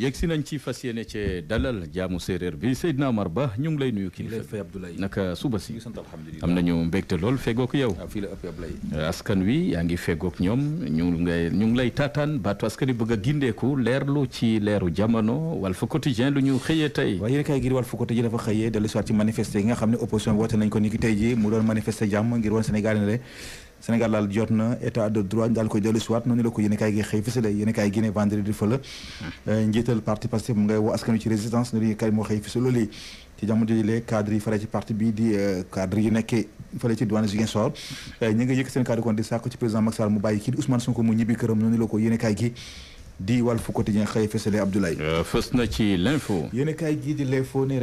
yegg si nañ ci fas yéene cee dalal jaamu séeréer bi Seydina Omar Ba ñu ngi lay nuyu kii Abdoulaye naka suba si am nañu mbégte lool fegook yow ah, fii la ëpp Abdoulaye askan wi yaa ngi fegook ñoom ñu ngi ñu ngi lay taataan baatu askan wi bëgg a gindeeku leerlu ci leeru jamono Walf Quotidien lu ñu xëyee tey waaye yéen kay ngir Walf Quotidien dafa xëyee dellu si waat yi nga xam ne opposition bi woote nañ ko ni ki mu doon manifester jàmm ngir woon Sénégal ne Sénégal daal jot na état de droit ñu daal koy dellu siwaat noonu la ko yéen kaay gi xëy fësale yéen gi ne vendredi fa la hmm. euh, njiital parti Pastef mu ngay woo askan wi ci résistance ne yéen kaay moo xëy fësal ci jamono jooju lee cadre yi ci parti bi di euh, cadre yi nekkee fale ci diwaanu Ziguinchor hmm. euh, ñu yëkk seen cadre kon di sàkk ci président Macky Sall kii di Ousmane Sonko mu ñibbi këram noonu la ko yéen gi di Walf Quotidien xëy fësale Abdoulaye. Euh, fës na ci l'info. yéen a kaay gii di l'info ne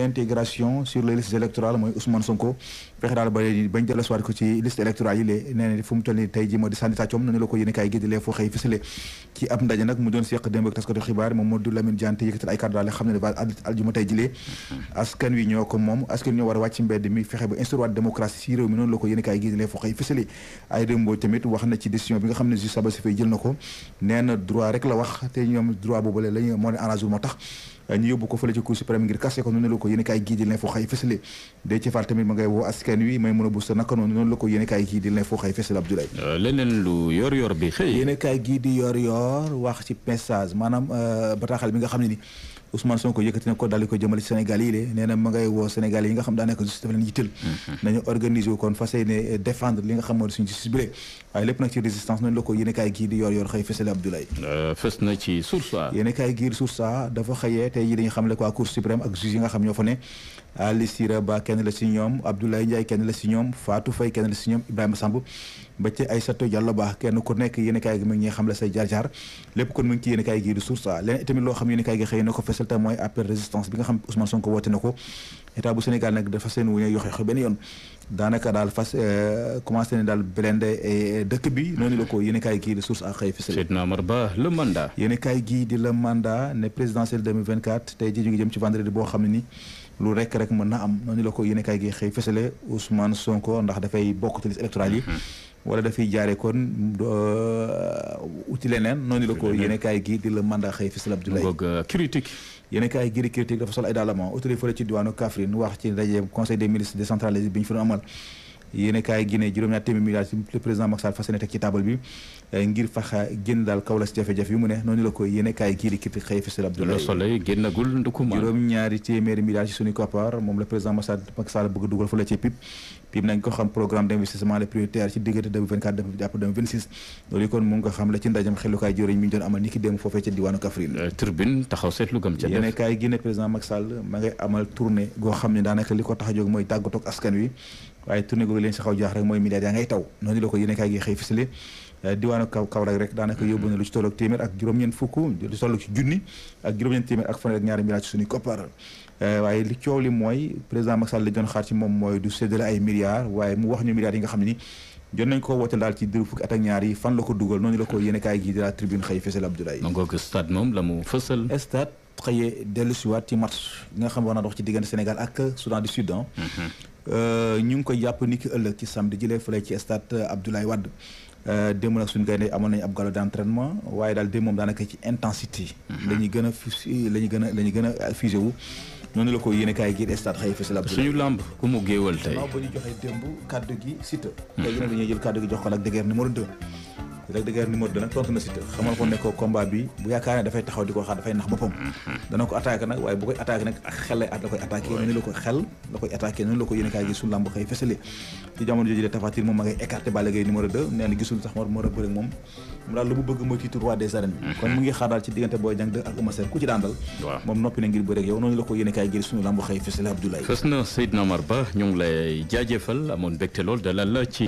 sur les listes électorales mooy Ousmane Sonko fexe daal ba bañ dellusiwaat ko ci liste électorale yi lee nee na fu mu toll nii tey jii moo a kaay gii di wi ñoo ko moom askan ñoo war a mbedd mi fexe ba instaurer démocratie ci réew mi noonu la ko yéen a kaay gii di l'info xëy fësale ay démboo tamit wax na ci décision bi nga xam ne juge Sabassy Faye jël na ko te ñoom droit boobu la ñu moo ne arrangé moo tax ñu yóbbu ko fële ci cour suprême ngir kase ko noonu la ko yéen kaay gii di l'info xëy fësale dee ci euh, maanaam euh, bataaxal bi nga xam ne ni Ousmane Sonko yëkkati na ko daal di ci Sénégal yi lée nee na ma ngay woo Sénégal yi nga xam daanaka justice dafa leen yitteel mhm. nañu organiser wu kon tey jii dañu xam le quoi cour ak juge nga xam ñoo fa ne Ali Ba kenn la si ñoom Abdoulaye Ndiaye kenn la si ñoom Fatou Faye kenn la si ñoom Ibrahima Samb ba ci Aïssatou Diallo Ba kenn ku nekk yéen kaay gi mu ngi xam la say jaar-jaar lépp kon mu ngi ci yéen kaay gi di source leneen tamit loo xam yéen kaay gi xëy na ko fesal te mooy appel résistance bi nga xam Ousmane Sonko woote na ko état bu Sénégal nag dafa seen wu ñu yoxe yoxe benn yoon daanaka daal fas euh, commencé ne daal e dëkk bi noonu la ko yéen kaay gii di source ak xëy fësal Seydina Omar Ba le mandat yéen kaay gii di le mandat ne présidentielle 2024 tey jii ñu ngi jëm ci vendredi boo xam ne ni lu rek rek mën na am noonu la ko yéen kaay gi xëy fësale Ousmane Sonko ndax dafay bokk ci liste yi mm-hmm. wala dafay jaare kon uti leneen noonu la ko yéen kaay gi di la mandat xëy Fisal Abdoulaye euh, critique yéen kaay gi di critique dafa sol ay daalama utali fële ci diwaanu Kaffrine wax ci ndaje conseil des ministres décentralisé bi ñu fa amal yéen kaay Guinée juróom-ñaar téeméer milliards ci le président eh, mu ne noonu la ko kaay gii di critique xëy Fesal Abdoulaye Le Soleil génnagul ndukuma juróom-ñaari téeméeri milliards ci suñu koppar moom le président Macky Sall bëgg dugal fa la ci PIP PIP nañ ko xam programme mi ñu doon amal ni ki démb foofee ca diwaanu Kaffrine euh, Tribune taxaw président Macky Sall ngay amal tournée goo xam ne daanaka li ko tax a mooy mooy tàggatoog askan wi waaye tournée googu leen si xaw jaax rek mooy milliards yaa ngay taw noonu la ko yéen kaay gi xëy fisale eh, diwaanu kaw kaw rek rek daanaka hmm. yóbbu na lu ci tolloog téeméer ak juróom-ñeent fukk lu ci junni ci eh, li coow li mooy président Macky Sall la doon xaar ci moom waaye mu wax ñu milliards yi xam ni jot nañ ko woote daal ci diiru ñaar yi fan la ko dugal noonu la ko yéen kaay gi de la tribune xëy fësal Abdoulaye donc stade moom la mu fësal stade xëyee dellu siwaat ci match nga xam war naa dox ci diggante Sénégal ak Soudan du Sud ah. Euh, ñu ngi koy jàpp ni ëllëg ci samedi jëlee fële ci stade Abdoulaye Wade euh, démb nag suñu gaynde amoon nañu ab galo d' waaye daal démb moom daanaka ci intensité. Mhm. la ñuy gën a fus la ñuy gën a la ñuy gën a fusé wu. noonu la ko yéene kaay gi stade xëy fësal ab suñu lamb ku mu géewal tey. non ñu joxee démb kaddu gi Siteu. Mhm. tey jii nag dañuy jël kaddu gi jox ko nag Degueur numéro 2. Lac de Guiers numéro nag xamal ko ne ko bi bu yaakaar ne dafay taxaw di ko xaar dafay nax boppam mhm. dana ko attaqué nag waaye bu koy attaqué nag xel la koy attaqué noonu la koy attaqué kaay ngir suñu làmb xëy fesale Abdoulaye fës na Seydina Ba ñu lay jaajëfal amoon mbégte lool dalal la ci